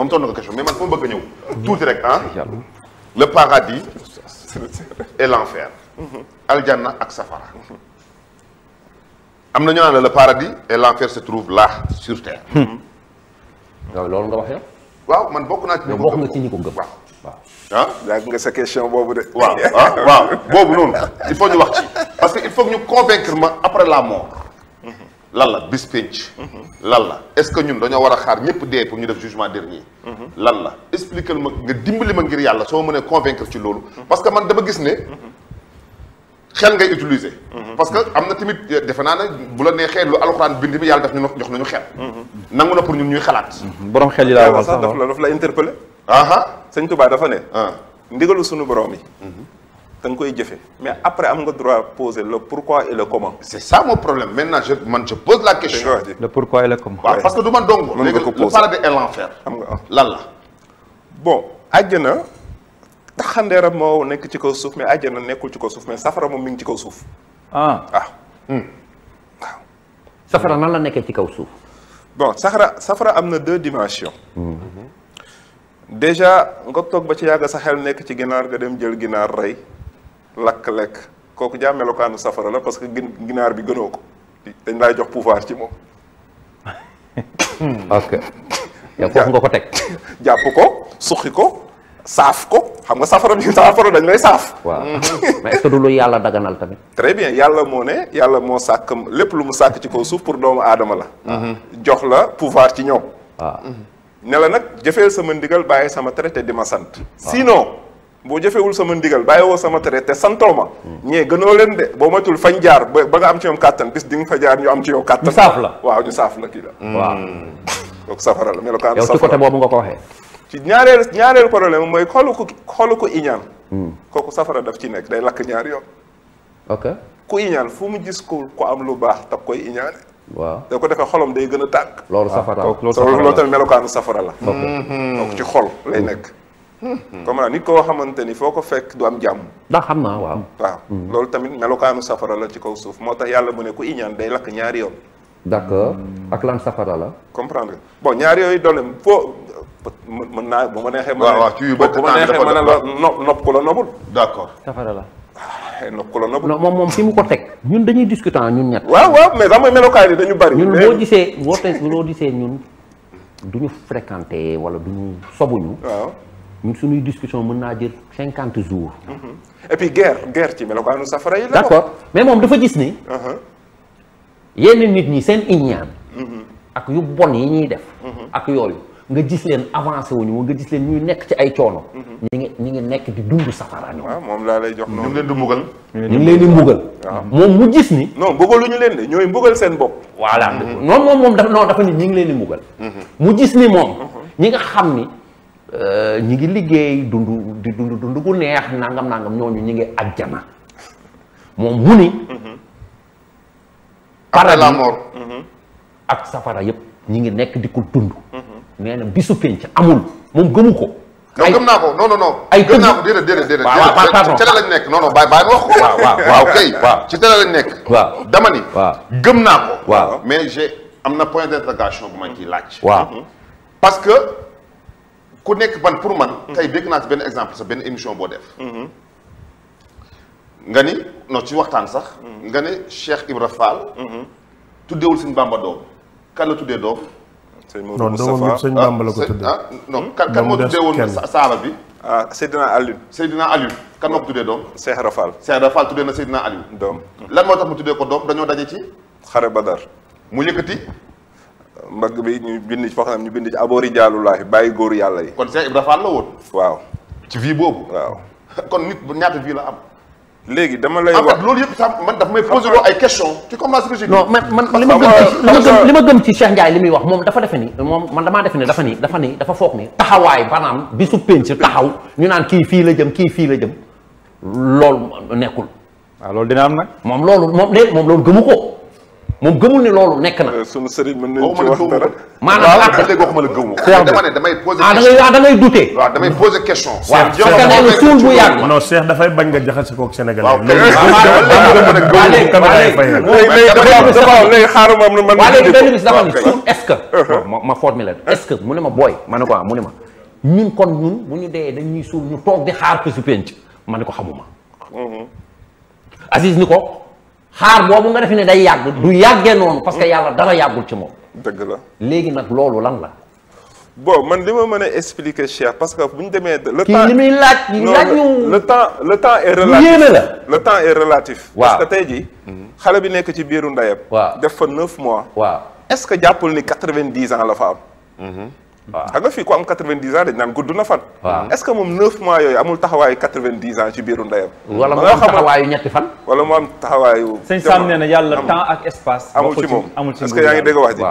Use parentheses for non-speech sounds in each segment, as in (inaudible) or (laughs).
moom toon na ko question mais man fu ma bëgg a ñëw mm-hmm. tuuti rek ah le paradis et l'enfer mm-hmm. aljanna ak safara am na ñu naan la le paradis et l'enfer se trouve là sur terre waaw hmm. loolu nga wax yow waaw man bokk naa ci ñu ko bokk nga ci ñu ko gëm waaw waaw ah laaj nga sa question boobu de waaw ah, waaw boobu noonu il faut ñu wax ci parce que il faut ñu convaincre ma après la mort lan la bis pénc lan la est-ce que ñun dañoo war a xaar ñëpp dee pour ñu def jugement dernier lan la expliquer ma nga dimbali ma ngir yàlla soo mënee convaincre ci loolu parce que man dama gis ne xel ngay utiliser parce que am na tamit defe naa ne bu la neexee lu alxuraan bind mi yàlla def ñu jox nañu xel nangu na pour ñun ñuy xalaat borom xel yi laa wax sax daf la daf la interpellé aha sëñ Tuubaa dafa ne ah. ndigalu sunu borom yi mhm. da nga koy jëfe mais après am nga droit poser le pourquoi et le comment. c'est ça mon problème maintenant je man je pose la question. le pourquoi et le comment. waaw parce que du man dong. mën nga ko poser léegi le paradis et l'enfer. xam nga lan la. bon àjjana taxandeeram moo nekk ci kaw suuf mais àjjana nekkul ci kaw suuf mais safara moom mi ngi ci kaw suuf. ah, ah. Hmm. waaw. safara nan la nekkee ci kaw suuf. bon safara safara am na deux dimensions. Hmm. déjà nga toog ba ci yàgg sa xel nekk ci ginaar nga dem jël ginaar rey. lakk lekk kooku jaa melokaanu safara la parce que ginaar bi gënoo ko dañ laa jox pouvoir ci moom. ok (coughs) yow foofu nga ko teg. (coughs) jàpp ko suqi ko saaf ko xam nga safara bi safara dañ lay saaf. waaw mm-hmm. (coughs) mais est lu yàlla daganal tamit. très bien yàlla moo ne yàlla moo sàkk lépp lu mu sàkk ci kaw suuf pour doomu aadama la. Ah. Mm-hmm. jox la pouvoir ci ñoom. waaw ah. mm-hmm. ne la nag jëfeel sama ndigal bàyyi sama traité di ma sant. Ah. sinon. boo jëfewul sama ndigal woo sama tere te santoo ma ñee gënoo leen de boo matul fañ jaar ba nga am ci ñoom kàttan bis di nga fa jaar ñu am ci yow kàttan ñu saaf la waaw ñu saaf la kii la mm. waaw kooku safara la melokaan safara yow ci côté boobu nga ko waxee ci ñaareel ñaareel problème mooy xoolu ko xoolu ko iñaan mm. kooku safara daf ci nekk day lakk ñaari yoon ok ku iñaan fu mu gis ko ko am lu baax daf koy iñaane waaw da ko defee xolom day gën a tàkk loolu safara ah, loolu tamit melokaanu safara la donc ci xol lay mm. nekk (laughs) comme nit koo xamante ni foo ko fekk du am jàmm. ndax xam naa waaw. waaw mm. loolu tamit melokaanu safara la ci kaw suuf moo tax yàlla mu ne ku iñaan day lakk ñaari yoon. d'accord ak lan safara la. comprendre bon ñaari yooyu doole foo mën naa bu ma neexee. waaw waaw ci yu bëgg naa dafa mën a la nopp ku la nobul. d'accord safara la. Ah, nopp ku la nobul. moom moom fi mu ko teg ñun dañuy discutant ñun ñett. waaw waaw mais a nga melokaan yi dañu bari. ñun boo gisee boo tey loo gisee ñun du ñu fréquenter wala du ñu sobuñu. waaw. ñun suñuy discussion mën naa jël cinquante jours. et puis guerre guerre ci melokaanu safara yi la. d' accord mais moom dafa gis ni. Uh-huh. yenn nit ñi seen iñaan mm-hmm. ak yu bon yi ñuy def. Mm-hmm. ak yooyu nga gis leen avancé wuñu woon nga gis leen nekk ci ay coono. Mm-hmm. ñi ngi ñi nekk di dund safara ñoom. waaw moom laa lay jox noonu ñu ngi leen di mbugal. ñu ngi leen di mbugal. moom mu gis ni. non mbugaluñu leen de ñooy mbugal seen bopp. voilà non moom moom dafa non dafa ni ñi ngi leen di mbugal. mu gis ni moom ñi nga xam ni. Euh, ñi ngi liggéey dund di dund dund gu neex nangam nangam ñooñu ñi ngi ajjana moom mu ni mhm. après la mort mhm. ak safara yëpp ñi ngi nekk di ko dund mhm. nee na bisu penc amul moom gëmu ko non gëm naa ko non non non ay gëm naa ko déedéet déedéet déedéet waaw ci wax ko waaw kay waaw ci waaw dama ni gëm naa ko waaw mais am na point d'interrogation bu ma ciy laaj waaw parce que ku nekk ban pour man. tey dégg naa ci benn exemple sa benn émission boo def. Mhm. nga ni non ci waxtaan sax. Mhm. nga ne Cheikh Ibra Fall. Mhm. tuddeewul suñu Bamba doom kan la tuddee doom. sëñ Maodo Moustapha sëñ Bamba la ko ah, tuddee. ah non hmm? kan kan moo tuddee woon saaba bi. ah Seydina Aliou. Seydina Aliou kan moo ko tuddee doom. Cheikh Ibra Fall. Cheikh Ibra na Seydina doom lan moo tax mu tuddee ko doom dañoo daje ci. xare dar mu yëkkati. mbagg bi ñu bind ci foo xam ne ñu bind ci aboori bàyyi góor yàlla yi. kon Cheikh Ibra Fall la woon. waaw ci vie boobu. waaw (laughs) kon nit bu ñaata vie la am. léegi dama lay wax loolu yëpp tam man daf may posé loo ay question tu commences que non man man li ma gëm li ma gëm ci Cheikh Ndiaye li muy wax moom dafa defe ni moom man damaa defe ni dafa ni dafa ni dafa foog ni taxawaay banaam bi su penc taxaw ñu naan kii fii la jëm kii fii la jëm loolu nekkul waaw ah, loolu dina am nag moom loolu moom loolu gëmu moom gëmul ne loolu nekk na. sunu sëriñ mën nañu ci wax dara. maanaam àtte léegi waxuma la gëmu. Cheikh dama ne damay poser question ah da ngay douter. waaw damay poser question. waaw parce que nee na suul bu yàgg. non Cheikh dafay bañ nga jaxase koog Sénégal. waaw kay léegi benn bis dafa am est-ce que. ma ma formulé est-ce que mu ne ma booy ma ne ko mu ne ma ñun kon ñun bu ñu dee dañuy suul ñu toog di xaar ko si penc ma ne ko xamuma. Aziz ni ko xaar boobu nga def ne day yàgg du yàggee noonu parce que mm. yàlla dara yàggul ci moom dëgg la léegi nag loolu lan la boo man li ma mën a expliquer cher parce que bu ñu demee le temps li muy laaj laaj ñu le temps le temps est relatif le temps est relatif waaw parce que tey jii mm. xale bi nekk ci biiru ndeyam waaw def fa neuf mois waaw est-ce que jàppul ni quatre-vingt-dix la fa am mm-hmm. waaw xam nga fi ku am 90 ans naan gudd na fan. waaw est ce que moom 9 mois yooyu amul taxawaayu 90 ans ci biiru ndeyam. wala mu am taxawaayu ñetti fan. wala mu am taxawaayu. sëñ Sam nee na yàlla temps ak espace. amul ci moom est ce que yaa ngi dégg wax ji.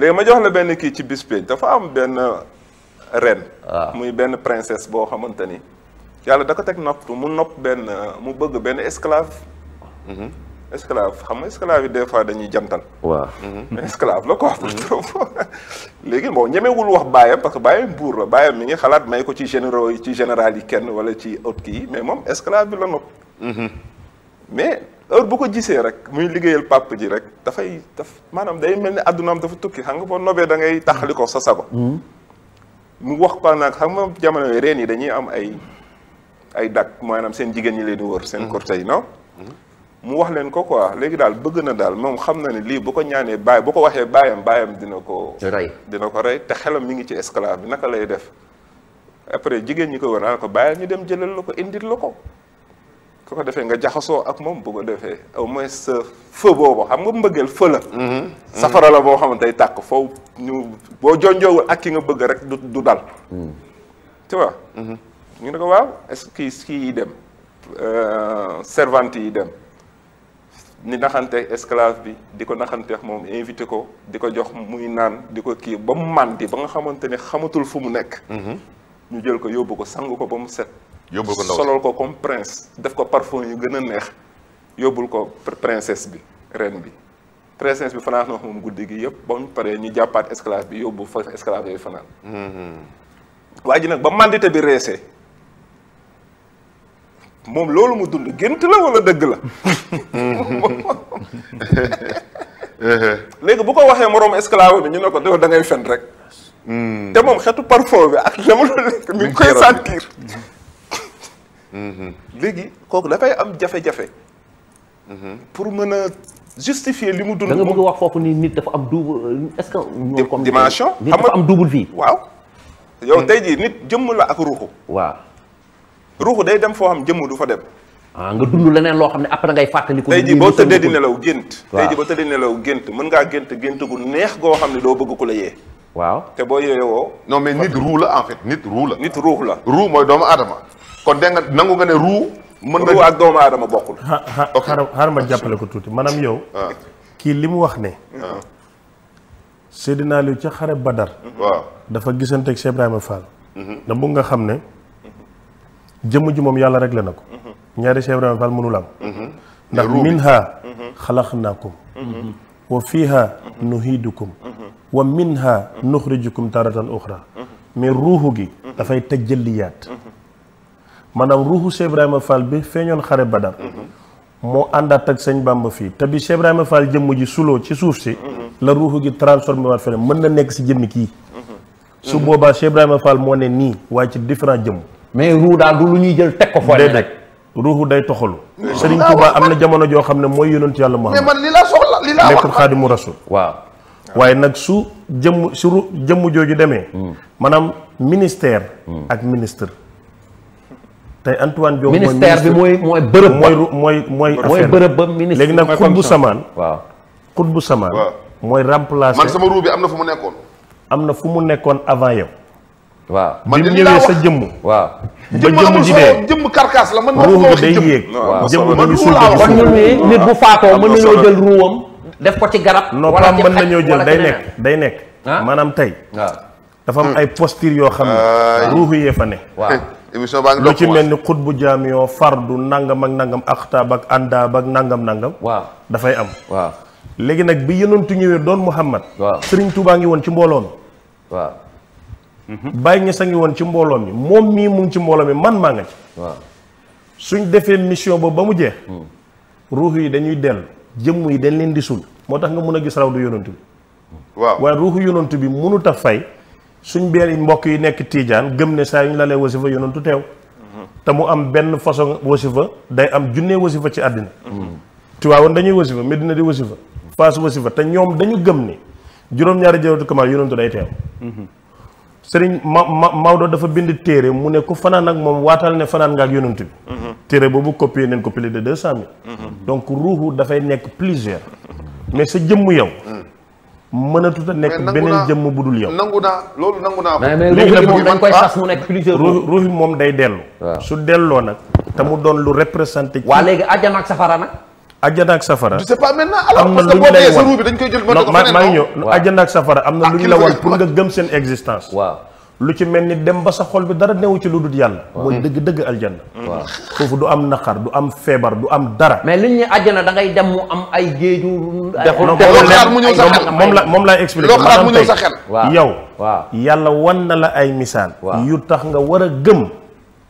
léegi ma jox la benn kii ci bis pénc dafa am benn ren muy benn princesse boo xamante ni. yàlla da ko teg nopp mu nopp benn mu bëgg benn esclave. Mhm. esclave xam nga esclave yi des fois dañuy jantal. waaw mm-hmm. mais esclave la quoi pour trop. (laughs) léegi bon ñemewul wax baayam parce que baayam buur la baayam mi ngi xalaat may ko ci généraux yi ci général yi kenn wala ci haute kii yi mais moom esclave bi la nopp. Mm-hmm. mais heure bu ko gisee rek muy liggéeyal pàpp ji rek dafay daf maanaam day mel ni addunaam dafa tukki xam nga boo nobee da ngay taxali ko sa sago. Mm-hmm. mu wax ko nag xam nga jamono reen yi dañuy am ay ay dak maanaam seen jigéen ñi leen di wër. seen cortège non. mu wax leen ko quoi léegi daal bëgg na daal moom xam na ne lii boo ko ñaanee baay bu ko waxee baayam baayam dina ko rey dina ko rey te xelam mi ngi ci esclave bi naka lay def après jigéen ñi ko war naa ko bàyyil ñu dem jëlal la ko indil la ko ko ko defee nga jaxasoo ak moom bu ko defee au moins sa feu boobu nga mbëggeel feu la mhm. boo xamante day tàkk foofu ñu boo jonjoowul ak ki nga bëgg rek du du dal mhm. mhm. ñu ne ko waaw est-ce kii yi dem euh, servante yi dem ni naxante esclave bi di ko naxanteex moom invité ko di ko jox muy naan di ko kii ba mu màndi ba nga xamante ni xamatul fu mu nekk mhm. ñu jël ko yóbbu ko sangu ko ba mu set yóbbul ko ndaw solol ko comme prince def ko parfum yu gën a neex yóbbul ko princesse bi reine bi princesse bi fanaan na moom guddi gi yëpp ba paree ñu jàppaat esclave bi yóbbu fa esclave mhm. waa ji nag ba màndite bi reesee moom loolu mu dund gént la wala dëgg la léegi bu ko waxee moroom esclave bi ñu ne ko da ngay fen rek hmm. te moom xetu parfum bi ak la mu lekk mi ngi koy sentir hmm. léegi kooku dafay am jafe-jafe hmm. pour mën a justifier li mu dund da nga bëgg wax foofu nii nit dafa am double est-ce que ñoom comme dimension nit dafa am double vie waaw yow tey jii nit jëmm la ak ruuxu waaw ruuxu day dem foo xam jëmm du fa dem. ah nga dund leneen loo xam ne après ngay fàttaliku. tey jii boo tëddee di nelaw gént. waaw tey jii boo tëddee di nelaw gént mën ngaa gént gént gu neex goo xam ne doo bëgg ko la yee. waaw te boo yeewoo. non mais nit ruux la nit ruux la. nit mooy doomu aadama. kon dégg nga nangu nga ne ruux. mën nga ruux ak doomu aadama bokkul. ok xaaral ma jàppale ko tuuti maanaam yow. Ah. kii li mu wax ne. Ah. Seydina Aliou ca xare ba dar dafa gisanteeg Cheikh Ibrahima Fall. Mhm. na nga xam ne jëmm ji moom yàlla réglé na ko. ñaari Cheikh Ibrahima Fall mënul am. ndax minha mhm. xalaqnaakum mhm. wa fiiha mhm. nuhiidukum wa minha nuxrijukum taratan uxra mais ruuxu gi dafay tajjalliyaat maanaam ruuxu Cheikh Ibrahima Fall bi feeñoon xare Badar moo àndaat ak sëñ Bamba fii te bi Cheikh jëmm ji suloo ci suuf si la ruuxu gi transformé feneen mën na nekk si jëmmi kii su boobaa Cheikh Ibrahima moo ne nii waaye ci différent jëmm mais ruu daal du lu ñuy jël teg ko fooy nekk ruuxu day toxalu Serigne Touba am na jamono joo xam ne mooy yonent yàlla Muhammad mais man li laa soxla xaadimu rasul waaye nag su jëmm su jëmm jooju demee hmm. maanaam ministère ak ministre tey Antoine Diome ministère bi mooy mooy bërëb mooy mooy mooy affaire bërëb ba ministre léegi nag xut bu samaan waaw xut bu samaan mooy remplacer man sama ruu bi am na fu mu nekkoon am na fu mu nekkoon avant yow waaw man bi ñëwee sa jëmm. waaw ba jëmm ji dee jëmm karkaas la man. ruux bi day yéeg waaw jëmm ba ñu suul kon ñun nii nit bu faatoo mën nañoo jël def ko ci garab. wala ci xaj mën nañoo jël day nekk day ah? nekk. maanaam tey. waaw dafa am hmm. ay postures yoo xam ne. ruux fa ne. waaw (laughs) émission baa ngi lu ci mel ni xut bu jaamiyoo fardu nangam ak nangam axtaab ak àndaab ak nangam nangam. waaw dafay am. waaw léegi nag bi yonentu ñëwee doon Muhammad. waaw Serigne baa ngi woon ci mbooloon waaw bàyyi ña sa ngi woon ci mbooloo mi moom mii mu ngi ci mbooloo bi man maa nga ci. waaw suñ defee mission ba ba mu jeex. ruux yi dañuy dellu jëmm yi dañ leen di sul moo tax nga mun a gis raw du yonantu bi. waaw waaye ruuxu yonantu bi mënut a fay suñ benn mbokk yi nekk tiijaan gëm ne saa yu ñu la lay wasifa yonantu teew. te mu am benn façon wasifa day am junne wasifa ci àddina. Tiwaawoon dañuy wasifa Medina di wasifa. fas wasifa te ñoom dañu gëm ni juróom-ñaari jawatu kamaal yonantu day teew. sëriñ ma ma Maodo dafa bind téere mu ne ku fanaan ak moom waatal ne fanaan nga ak yonent bi mhm. téere boobu copier nañ ko plus de deux cent mille mhm. donc ruuxu dafay nekk plusieurs mais sa jëmm yow mhm. mënatut a nekk beneen jëmm bu dul yow nangu naa loolu léegi nag moom dañ koy ah sas mu nekk plusieurs ruuxi moom day dellu su delloo nag te mu doon lu représenté waa léegi àjjana ak safara nag àjjana ak safara. je sais pas maintenant alors parce que boo dee sa ruu dañ koy jël. non maa maa ngi ñëw àjjana ak safara am na lu ah, ñu la wan pour nga gëm seen existence. waaw lu ci mel ni dem ba sa xol bi dara newu ci lu dul yàlla. mooy dëgg dëgg aljanna. waaw foofu du am naqar du am feebar du am dara. mais liñ ne àjjana da ngay dem mu am ay géeju. dexul dexul moom la moom laay expliqué. loo xaar mu ñëw sa xel yow. waaw yàlla wan na la ay misaal. yu tax nga war a gëm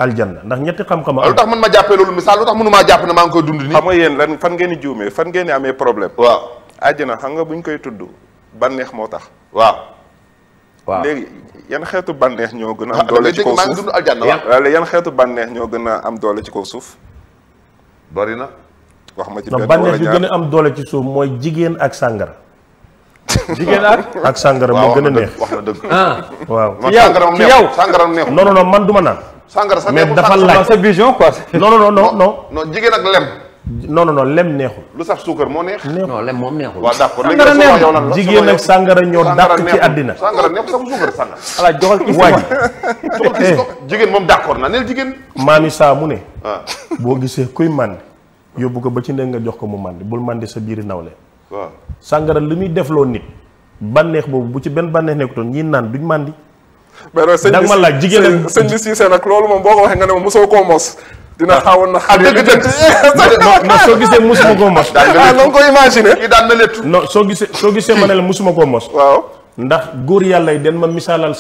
aljanna ndax ñetti xam-xam lu tax man ma jàppee loolu misaal lu tax mënu maa jàpp ne maa ngi koy dund nii xam nga yéen lan fan ngeen di juumee fan amee problème waaw àjjana xam nga bu ñu koy tudd bànneex moo tax waaw waaw léegi xeetu bànneex ñoo gën a am ah, doole ci yan xeetu bànneex ñoo gën a am doole ci kaw suuf bari na wax ma ci benn a am doole ci suuf mooy jigéen ak sàngara (laughs) jigéen ak ak sàngara moo gën a wax na dëgg ah. waaw yow sàngara moom man du ma naan sàngara sa mais dafa laaj sa vision quoi. non non non non. non jigéen ak lem. non non non lem neexul. lu sax suukar moo neex. non lem moom neexul. waaw d'accord léegi jigéen ak sàngara ñoo dàq ci àddina. sàngara neexul sax suukar sàngara. voilà joxal kii waaj. jigéen moom d'accord na neel jigéen. maami saa mu ne. Ah. boo gisee kuy mànd yóbbu ko ba ci ndeg nga jox ko mu mànd bul màndi sa biiri nawle. waaw sàngara li muy defloo nit. bànneex boobu bu ci benn bànneex nekkutoon ñi naan duñ màndi mais da ma laaj jigéen ak sëñ bi Cissé nag loolu moom boo ko waxee nga ne ma mosoo koo mos. dina ah. xawoon na ah, xaar (laughs) soo gisee ah, na nga koy imaginer. daan na léttu. non soo gisee soo gisee ma ne la mosuma koo mos. waaw ndax góor yàlla yi den ma misaalal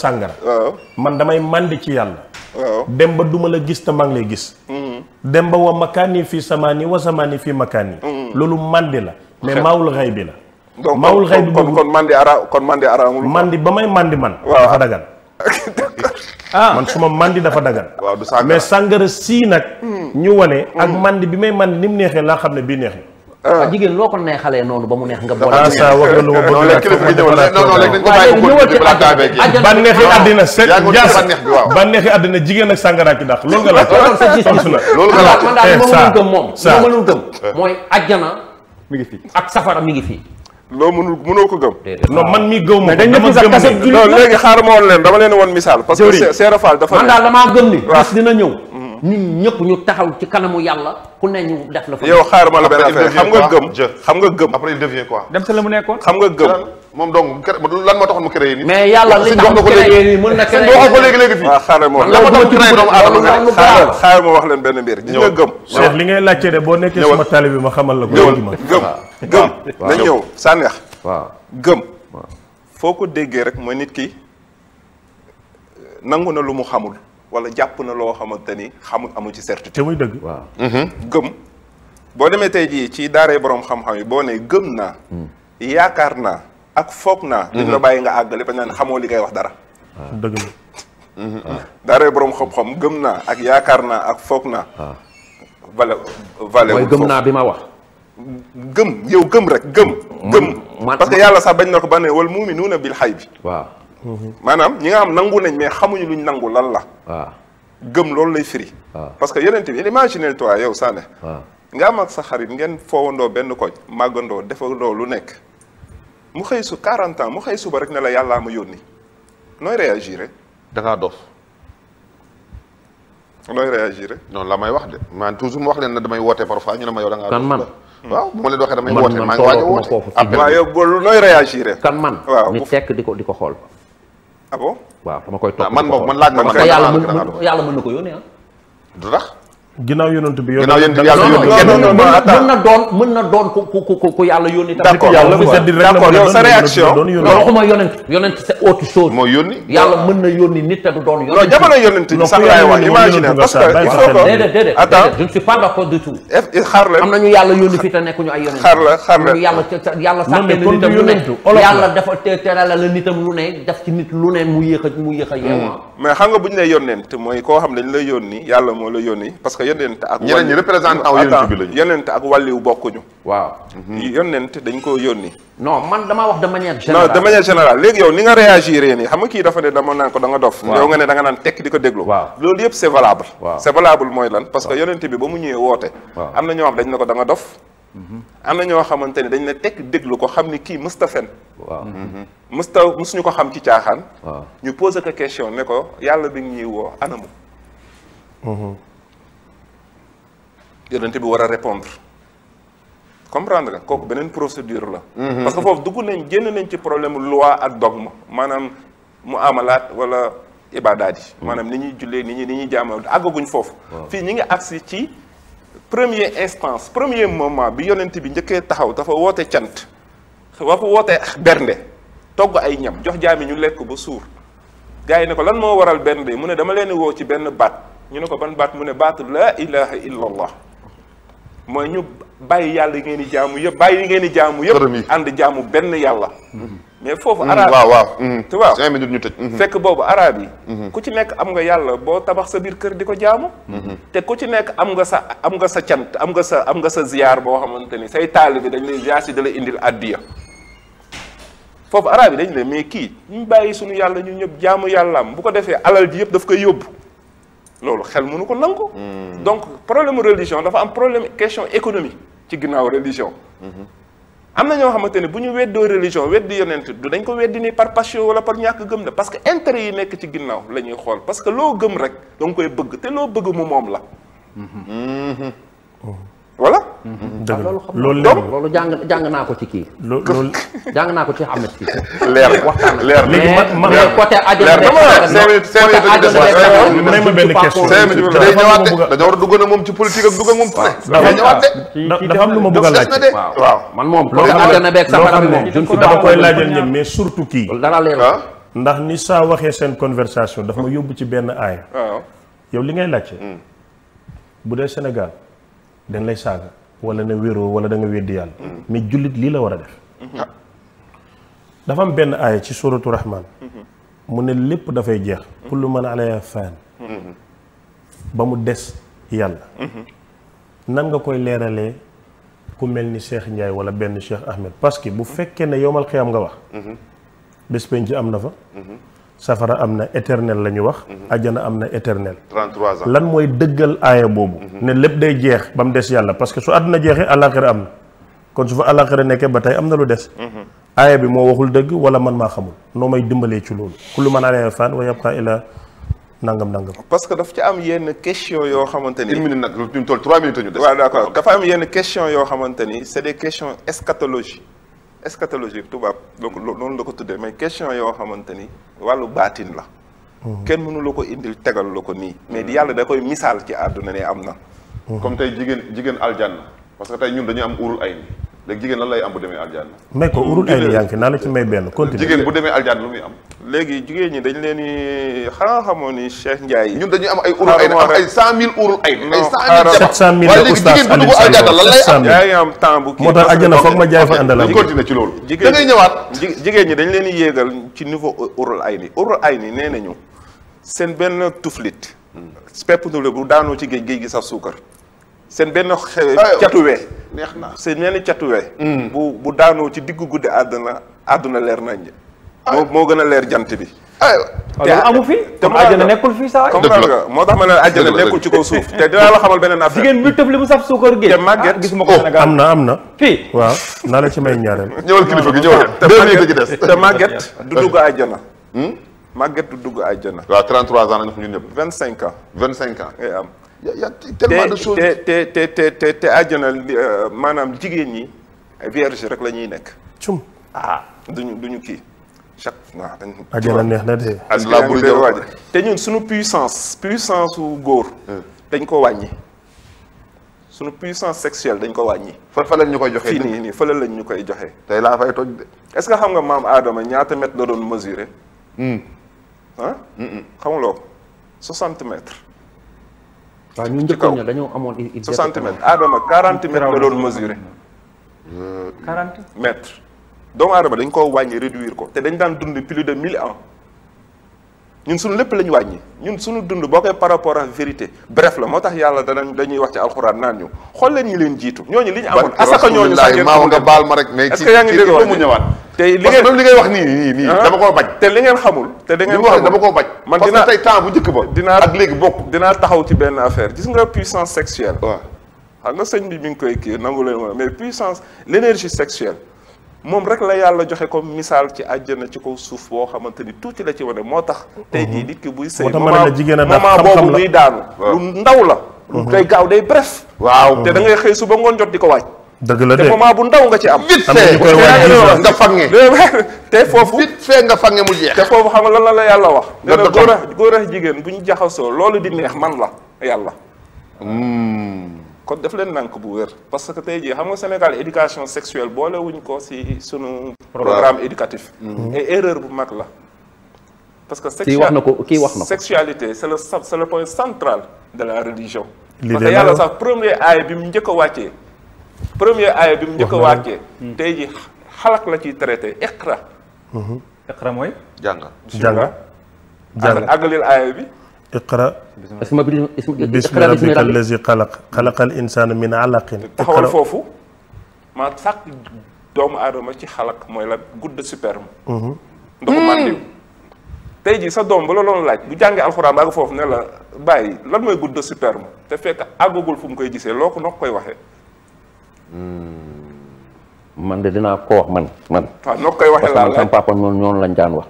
man damay màndi ci yàlla. waaw dem ba duma la gis te maa ngi lay gis. Mm-hmm. dem ba wa makaani fii samaani wa samaani fii makaani. Mm-hmm. loolu màndi la. mais (laughs) maawul xay bi la. donc kon kon màndi ara kon màndi araamul. màndi ba may màndi man. waaw dafa dagan Ah. ah man su ma mandi dafa dagan. waaw du sàngara mais sàngara sii nag. Hmm. ñu wane. Hmm. ak mandi bi may mandi ni mu neexee laa xam ne bii neex na. Ah. Ah, jigéen loo ko neexalee noonu ba mu neex nga. boole sa wax nga lu ma bëgg. non léegi kilifa gi ñëwal non non neexi àddina set jaas ban neexi àddina jigéen ak sàngara ki ndax loolu nga laaj. loolu eh, sa gis tontu na loolu nga laaj. man daal ma mënul eh, gëm moom. saa ma mënul gëm mooy àjjana ngi fi ak safara mi ngi fii loo mënul mënoo ko gëm. non man mi gëw ma. dama gëm non léegi xaaral leen dama leen woon misaal. parce que gëm ni. bis dina ñëw. Mm-hmm. ñun ñëpp ñu taxaw ci kanamu yàlla ku ne ñu def la fa. yow xaar ma la benn affaire xam nga gëm. xam nga gëm. après il devient quoi. dem sa la nekkoon xam nga gëm. moom donc lan moo taxoon mu créé nii. mais yàlla li tax mu créé nii mën na créé nii wax ko léegi léegi fii. waaw ah, xaaral ma wax leen moo mu wax leen benn mbir. ñëw gëm. li ngay laajte de boo nekkee sama tali bi ma xamal la ko. ñëw gëm gëm na ñëw sànneex. waaw gëm. ko déggee rek mooy nit ki nangu na lu mu xamul wala jàpp na loo xamante ni xamul amu ci certitude. te muy dëgg waaw. Mhm. gëm boo demee tey jii ci daaree boroom xam-xam yi boo nee gëm naa hmm. yaakaar naa ak foog naa. dañ na mhm. bàyyi nga àggale ba naan xamoo li ngay wax dara. Ah. dëgg mhm. ah. daaree borom xam-xam gëm naa ak yaakaar naa ak foog naa. Ah. vale vale mooy gëm naa bi ma wax. gëm yow gëm rek gëm. gëm parce que yàlla sax bañ na ko ba ne wal mu'minuuna bil xay bi. waaw. Mhm. maanaam ñi nga xam nangu nañ mais xamuñu luñ nangu lan la. gëm loolu lay firi. parce que yeneen bi imagine toi yow Sané. nga am ak sa xarit ngeen foowandoo benn koñ màggandoo defandoo lu nekk. mu xëy su 40 ans mu xëy suba rek ne la yàllaa ma yónni nooy réagir da ngaa dof nooy réagir non la may wax de man toujours mu wax leen damay woote parfois ñu ne ma yow da ngaa. kan man waaw bu ma leen waxee damay maa ngi waaj a woote man waaw yow boobu kan man ni tekk di ko di ko xool. ah waaw dama koy topp ah, man boobu man laaj na man yàlla mën na ko yónnee ah. du ginnaaw yonent bi yonent bi yàlla yónni mën na doon mën na doon ku ku ku ku yàlla yónni tamit na yónni nit te du la am mu yéex a hmm. mais xam bu ñu lay yónnent mooy koo xam dañ lay yónni yàlla moo la yónni parce que que yonent ak. yeneen ñi représentant yonent bi lañu bokkuñu. yonent dañ koo yónni. no man damaa wax de manière générale non de manière générale léegi yow ni nga réagir nii xam nga kii dafa ne dama naan ko da dof. nga ne da nga naan tekk que yonent bi ba mu ñëwee ñoo xam dañ ne ko da nga dof. Mhm. am na ñoo xamante ne dañ ne tekk déglu ko xam ni kii mësta fen waaw mhm. mësta mësuñu ko xam ci caaxaan. ñu posé ko question ne ko yàlla bi ñuy anamu. Mhm. yonent bi war a répondre comprendre nga kooku beneen procédure la mhm. parce que foofu dugg nañ génn nañ ci problème loi ak dog ma maanaam mu amalaat wala ibaadaat yi mhm. maanaam ni ñuy jullee ni ñuy ni ñuy jaamoo àggaguñ foofu fii ñi ngi agsi ci première instance premier moment bi yonent bi njëkkee taxaw dafa woote cant dafa woote bernde togg ay ñam jox jaami ñu lekk ba suur gars yi ne ko lan moo waral bernde mu ne dama leen woo ci benn baat ñu ne ko ban baat mu ne baatu laa ilaha illa allah mooy ñu bàyyi yàlla yi ngeen di jaamu yëpp bàyyi yi ngeen di jaamu yëpp ànd jaamu benn yàlla mhm. mais foofu mhm. arabe waaw waaw mhm. tu vois cinq minutes ñu tëj fekk boobu arabe yi ku ci nekk am nga yàlla boo tabax sa biir kër di ko jaamu te ku ci nekk am nga sa am nga sa cant am nga sa am nga sa ziyaar boo xamante ni say taalibe dañ lay ziyaar si da lay indil addiya foofu arabe yi dañ ne mais kii ñu bàyyi suñu yàlla ñu ñëpp jaamu yàllaam bu ko defee alal ji yëpp daf koy yóbbu loolu xel mënu ko nangu. Hmm. donc problème religion dafa am problème question économie ci ginnaaw religion. Hmm. am na ñoo xamante ne bu ñu weddoo religion weddi yonent du dañ ko weddi ni par passion wala par ñàkk gëm la parce que intérêt yi nekk ci ginnaaw la ñuy xool parce que loo gëm rek da koy bëgg te loo bëgg mu moom la. Hmm. Oh. voilà. Mhm. dëgg ah, loolu loolu jàng jàng naa ko ci kii. loolu jàng naa ko ci Ahmed kii. leer leer léegi ma man côté àjjana ma benn question day ñëwaat de war a dugg moom ci politique ak dugg ak moom ci dafa am lu ma bëgg a laaj waaw man moom côté àjjana beeg safara bi moom dama koy laajal ñëpp mais surtout kii dara leer ndax ni saa waxee seen conversation dafa ma yóbbu ci benn aay yow li ngay laajte hmm. bu dee Sénégal dañ lay saaga wala ne wéroo wala da nga weddi yàlla mais jullit lii la war a def dafa am benn aaya ci suratu rahman mu ne lépp dafay jeex kullu man alaya fan ba mu des yàlla nan nga koy leeralee ku mel ni Cheikh Ndiaye wala benn Cheikh Ahmed parce que bu fekkee ne yowmal xiyam nga wax bés penc am na fa safara am na éternel la ñu wax. ajjana mhm. am na éternel. 33 lan mooy dëggal aaya boobu. Mhm. ne lépp day jeex ba mu des yàlla parce que su àdduna jeexee àllaaxira am na kon su fa àllaaxira nekkee ba tey am na lu des. Mhm. aaya bi moo waxul dëgg wala man maa xamul noo may dimbalee ci loolu lu man alayha fan wa yabqa ila nangam nangam. parce que daf ci am yenn question yoo xamante ni. une dafa am yenn question yoo xamante ni c'est des questions eschatologie. eschatologie tubaab loo loolu la ko tuddee mais question yoo xamante ni wàllu baatin la mhm. kenn mënuloo ko indil tegal la ko nii mais di mhm. yàlla da koy misaal ci àdduna ne am na mhm. comme tey jigéen jigéen aljanna parce que tey ñun dañuy am urul ay ni léegi jigéen lay am bu demee aljanna may ko urul ay yaa ngi fi naa la ci may benn continue jigéen bu demee aljanna lu muy am léegi jigéen ñi dañu leen di xanaa ni Cheikh Ndiaye ñun dañuy am ay urul ay am ay cent mille urul ay ay cent mille jabar waaye léegi jigéen bu dugg aljanna lan lay am yaa ngi am temps bu kii moo tax aljanna foog ma jaay fa àndala ci loolu da ngay ñëwaat jigéen ñi dañ leen di yéegal ci niveau urul ay ni urul ay ni nee nañu seen benn tuflit hmm. pepp bu daanoo ci géej géej gi sax suukar seen benn catuwee neex na seen benn catuwee hmm. bu bu daanoo ci diggu guddi àdduna àdduna leer nañ moo moo gën a leer jant bi te ah, amu fi te àjjana nekkul fii saa nga moo tax ma ne àjjana nekkul ci kaw suuf te dinaa la xamal beneen affaire bi tëb li mu saf suukar géej te màgget ah, gis ma ko oh, Sénégal am na am na fii waaw naa la ci may ñaareel ñëwal kilifa gi ñëwal deux ci des te màgget du dugg àjjana hmm? màgget du dugg àjjana waaw 33 ans la ñu ñun ñëpp 25 ans 25 ans ngay y' de choses te te te te te àjjana euh, maanaam jigéen ñi vierge rek la ñuy nekk. cum ah duñu ñu kii. chaque waaw dañu. àjjana neex na de. ak te ñun suñu puissance puissance su góor. Hmm. dañ ko wàññi. suñu puissance sexuelle dañ ko wàññi. fa fa lañ ñu koy joxe fii nii nii lañ ñu koy joxe. tey laa fay toj de. est-ce que xam nga maam aadama ñaata mètre la doon mesurer. ah. xamuloo ko 60 mètres. waaw ñu njëkkoon ña dañoo amoon. 60 mètres Adama 40 mètres la doon mesurer. 40 euh, mètres. doomu Adama dañ koo wàññi réduire ko te dañ daan dund plus de 1000 ans ñun suñu lépp lañu ñu wàññi ñun suñu dund boo koy par rapport ak vérité bref la moo tax yàlla danañ dañuy wax ci alxuraan naan ñu xool leen ñi leen jiitu ñooñu li ñu amoon. asaka ñooñu sax ngeen ko nga baal ma rek mais ci ci mu ñëwaat. te li ngeen li ngay wax nii nii nii ah. dama koo baj te li ngeen xamul te da ngeen. li nga wax dama koo baj man dinaa parce que tey temps bu njëkk ba. dina ak léegi bokk. dinaa taxaw ci benn affaire gis nga puissance sexuelle. waaw xam nga sëñ bi mu ngi koy kii nangu leen ma mais puissance l'énergie sexuelle moom rek la yàlla joxe comme misaal ci àjjana ci kaw suuf boo xamante ni tuuti la ci wane moo tax. Mhm. tey jii nit ki buy sëy. moment boobu muy daanu. lu ndaw la. Mhm. lu day gaaw day bref. waaw te da ngay xëy suba ngoon jot di ko waaj dëgg la de te moment bu ndaw nga ci am. vite fait nga fange. (laughs) te foofu vite fait nga fange mu jeex. te foofu xam nga lan la la yàlla wax. nga dëgg góor a góor a jigéen bu ñu jaxasoo loolu di neex man la yàlla. Hmm. kon def leen nank bu wér. parce que tey jii xam nga Sénégal éducation sexuelle boolewuñ ko si sunu. programme éducatif. Hmm. et erreur bu mag la. parce que sexu kii wax na ko kii wax na ko sexualité c'est le c'est le point central de la religion. parce que yàlla sax premier aay bi mu njëkk wàccee. première aaya bi mu njëkk a wàccee hmm. tey ji xalak la ciy traité iqra hmm. iqra mooy jànga jànga jànga àggalil aaya bi iqra bismi rabbika allazi xalaq xalaqal insaana min alaqin taxawal foofu ma sàkk doomu aadama ci xalak mooy la goutte de sperme hmm. ndoxu màndiw tey jii sa doom ba la laaj bu jàngee alxuraan ba foofu ne la bàyyi lan mooy goutte de te fekk àggagul fu mu koy gisee loo ko noo koy waxee Hmm. man de dinaa ko wax man man. waaw noo koy waxee laa la parce que man sama lañ daan wax.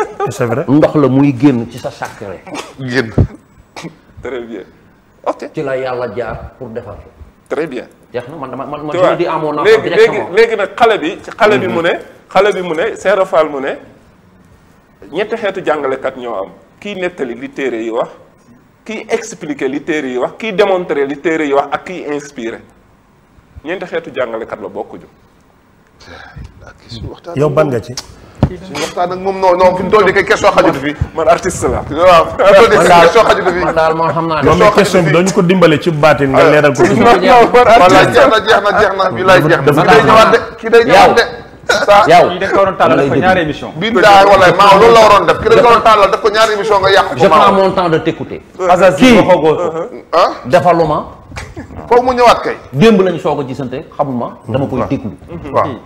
(laughs) ndox la muy génn ci sa sàkkare. génn. (laughs) très bien. ok ci la yàlla jaar pour defar. très bien. jeex na man dama man man su di amoon naa. léegi léegi léegi nag xale bi. ci xale bi mm-hmm. mu ne. xale bi mu ne Serre Fall mu ne ñetti xeetu jàngalekat ñoo am kiy nettali li téere yi wax kiy expliquer li téere yi wax kiy démontrer li téere yi wax ak kiy inspirer. ñeenti xeetu jàngalekat la bokkuñu. yow ban nga ci. suñu waxtaan moom non non fi mu toll nii kay question xajut fi man artiste la. waaw (laughs) question xajut fi man daal moom xam naa ne. question xajut question bi dañu ko dimbale ci baatin nga leeral ko. (laughs) non non man jeex na jeex na jeex na bi lay jeex na. day ñëwaat de kii day ñëwaat de. yow kii dañ ko waroon tàllal daf ko ñaari émission. billaay walaay maa loolu la waroon def. foofu mu ñëwaat kay. démb lañu soog a gisante xamul ma. dama koy déglu. waaw hmm.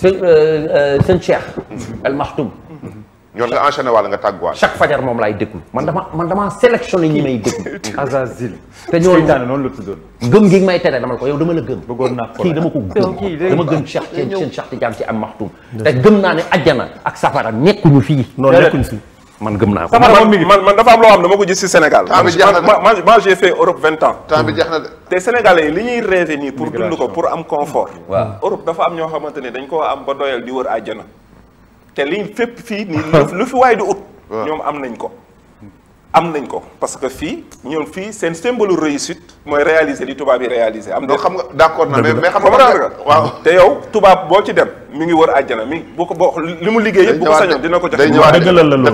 sëñ euh, euh, sëñ Cheikh. El Makhtoum. Hmm. yoon nga enchaîné wàll nga tàgguwaat. chaque fajar moom laay déglu man dama man damaa sélectionné ñi may déglu. (laughs) Azazil. te ñooñu seytaane noonu la tuddoon. gëm gi may tere dama la ko yow dama la gëm. bëggoon naa ko kii dama ko gëm. dama gëm Cheikh seen seen Cheikh Tidiane ci El Makhtoum. te gëm naa ne àjjana ak safara nekkuñu fii. non nekkuñu fii. man gëm naa ko. man man dafa am loo xam ne dama ko gis si Sénégal. temps bi jeex na de man man j'ai fait Europe vingt ans. na te Sénégalais yi li ñuy rêvé nii pour dund ko pour am confort. waaw Europe dafa am ñoo xamante ne dañ koo am ba doyal di wër àjjana. te li fépp fii nii lu fi waay di ut. ñoom am nañ ko. am nañ ko parce que fii ñoom fii seen symbole réussite mooy réaliser li tubaab yi réaliser am. donc xam nga d' accord na mais mais xam nga waaw te yow tubaab boo ci dem mi ngi wër àjjana mi bu ko boo li mu liggéey yëpp ko sañoon dina ko jox. day ñëwaat dëggalal la